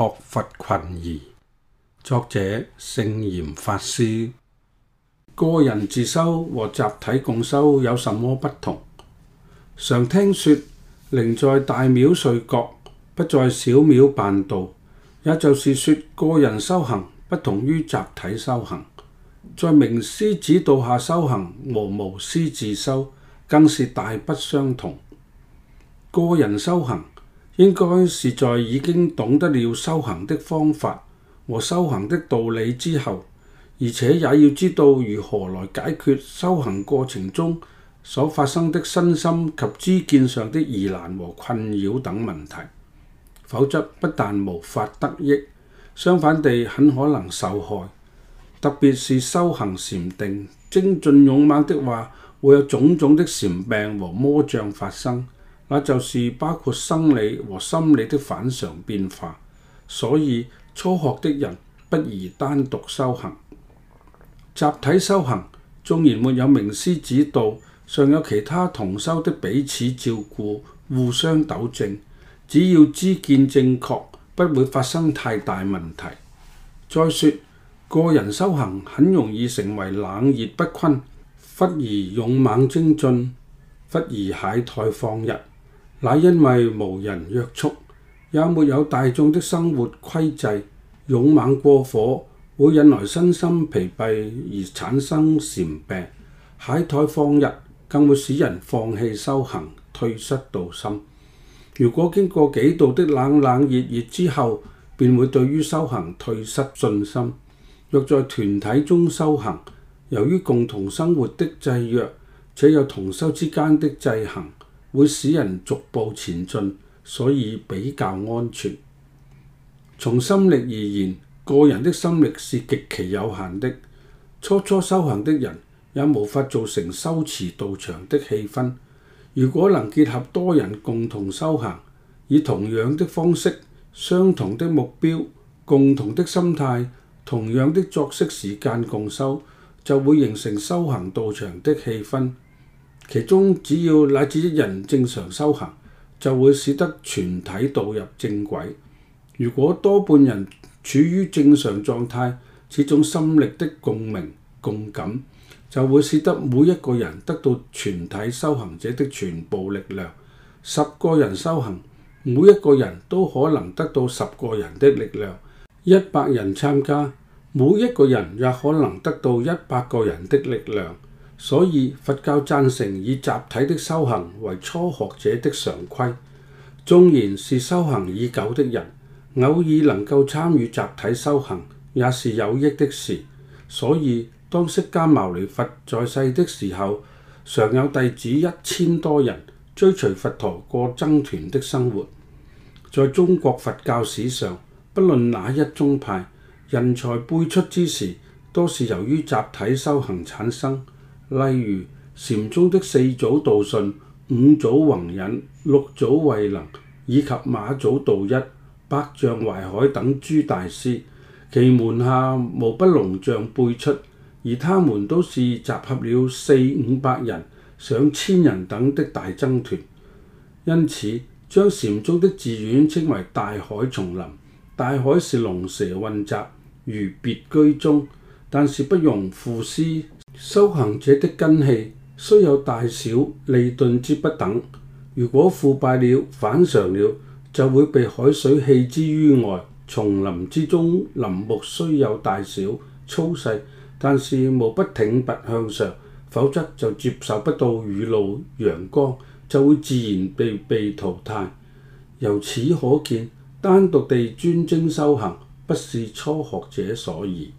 學佛群疑，作者聖嚴法師。個人自修和集體共修有什麼不同？常聽說寧在大廟睡覺，不在小廟辦道，也就是說個人修行不同於集體修行。在名師指導下修行和無師自修更是大不相同。個人修行。應該是在已經懂得了修行的方法和修行的道理之後，而且也要知道如何來解決修行過程中所發生的身心及知見上的疑難和困擾等問題。否則，不但無法得益，相反地很可能受害。特別是修行禪定精進勇猛的話，會有種種的禪病和魔障發生。那就是包括生理和心理的反常變化，所以初學的人不宜單獨修行。集體修行縱然沒有名師指導，尚有其他同修的彼此照顧，互相糾正，只要知見正確，不會發生太大問題。再說個人修行很容易成為冷熱不均，忽而勇猛精進，忽而懈怠放逸。乃因為無人約束，也沒有大眾的生活規制，勇猛過火會引來身心疲憊而產生禪病；懈怠放逸更會使人放棄修行，退失道心。如果經過幾度的冷冷熱熱之後，便會對於修行退失信心。若在團體中修行，由於共同生活的制約，且有同修之間的制衡。會使人逐步前進，所以比較安全。從心力而言，個人的心力是極其有限的。初初修行的人也無法造成修持道場的氣氛。如果能結合多人共同修行，以同樣的方式、相同的目標、共同的心態、同樣的作息時間共修，就會形成修行道場的氣氛。其中只要乃至一人正常修行，就會使得全體導入正軌。如果多半人處於正常狀態，此種心力的共鳴、共感，就會使得每一個人得到全體修行者的全部力量。十個人修行，每一個人都可能得到十個人的力量；一百人參加，每一個人也可能得到一百個人的力量。所以佛教贊成以集體的修行為初學者的常規，縱然，是修行已久的人，偶爾能夠參與集體修行也是有益的事。所以當釋迦牟尼佛在世的時候，常有弟子一千多人追隨佛陀過僧團的生活。在中國佛教史上，不論哪一宗派，人才輩出之時，都是由於集體修行產生。例如禪宗的四祖道信、五祖弘忍、六祖慧能，以及馬祖道一、百丈懷海等諸大師，其門下無不龍象輩出，而他們都是集合了四五百人、上千人等的大僧團。因此，將禪宗的寺院稱為大海叢林。大海是龍蛇混雜，如別居中，但是不容腐屍。修行者的根器雖有大小、利鈍之不等，如果腐敗了、反常了，就會被海水棄之於外。叢林之中，林木雖有大小、粗細，但是無不挺拔向上，否則就接受不到雨露陽光，就會自然被被淘汰。由此可見，單獨地專精修行，不是初學者所宜。